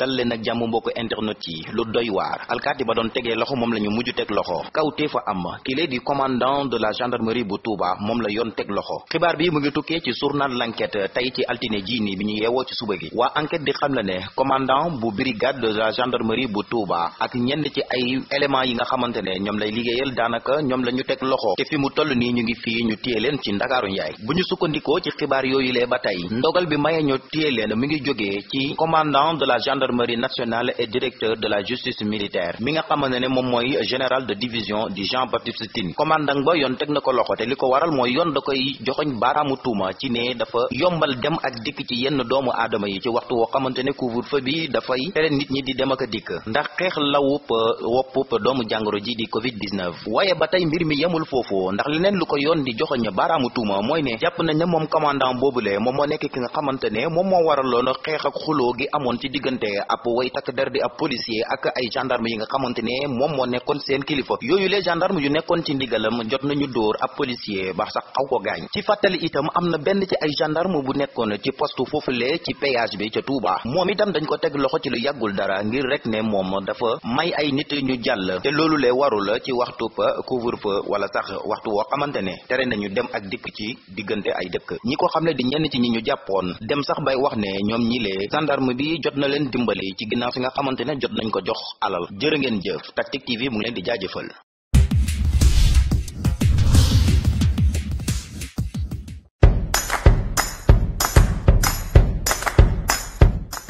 dal leen ak jàmm mbokk internet yi lu doy waar alkaati ba doon tegee loxo moom la ñu mujj teg loxo kawtee fa am kile di commandant de la gendarmerie bu Touba moom la yoon teg loxo xibaar bi mu ngi tukkee ci journal l'enquête tey ci altine jii nii bi ñu yeewoo ci suba gi waa enquête di xam la ne commandant bu brigade de la gendarmerie bu Touba ak ñenn ci ay éléments yi nga xamante ne ñoom lay liggéeyal daanaka ñoom la ñu teg loxo te fi mu toll nii ñu ngi fii ñu leen ci ndakaaru njaay bu ñu sukkandikoo ci xibaar yooyu lee ba tey mi ngi jógee ci commandant de la gendarmerie nationale et directeur de la justice militaire mi nga xamante ne moom mooy général de division da koy joxoñ baaraamu tuuma ci ne dafa yombal dem ak dikk ci yenn doomu aadama a jàngoro ji di covid 19 waaye ba tey mbir mi yemul foofu ndax leneen lu ko yoon di joxoñ baaraamu tuuma mooy ne jàpp nañ ne moom commandant boobule moom moo nekk ki nga xamante moom moo waraloon xeex ak xuloo gi amoon ci diggante ab way takk der di ab policier ak ay gendarme yi nga xamante ne moom moo nekkoon seen kilifa yooyu les gendarme yu nekkoon ci ndigalam jot nañu dóor ab policier ba sax xaw ko gaañ ci fàttali itam am na benn ci ay gendarme bu nekkoon ci poste foofule ci péage bi ca Touba moom itam dañ ko teg loxo ci lu yàggul dara ngir rek ne moom dafa may ay nit ñu jàll te loolu le warul ci waxtu pa couvre-feu wala sax waxtu woo xamante ne tere nañu dem ak dikk ci diggante ay dëkk ñi ko xam ne ñu dem sax bay dimbale yi ci ginnaaw si nga xamante ne jot nañ ko jox alal jërë ngeen jëf Tactic TV mu ngi leen di jaajëfal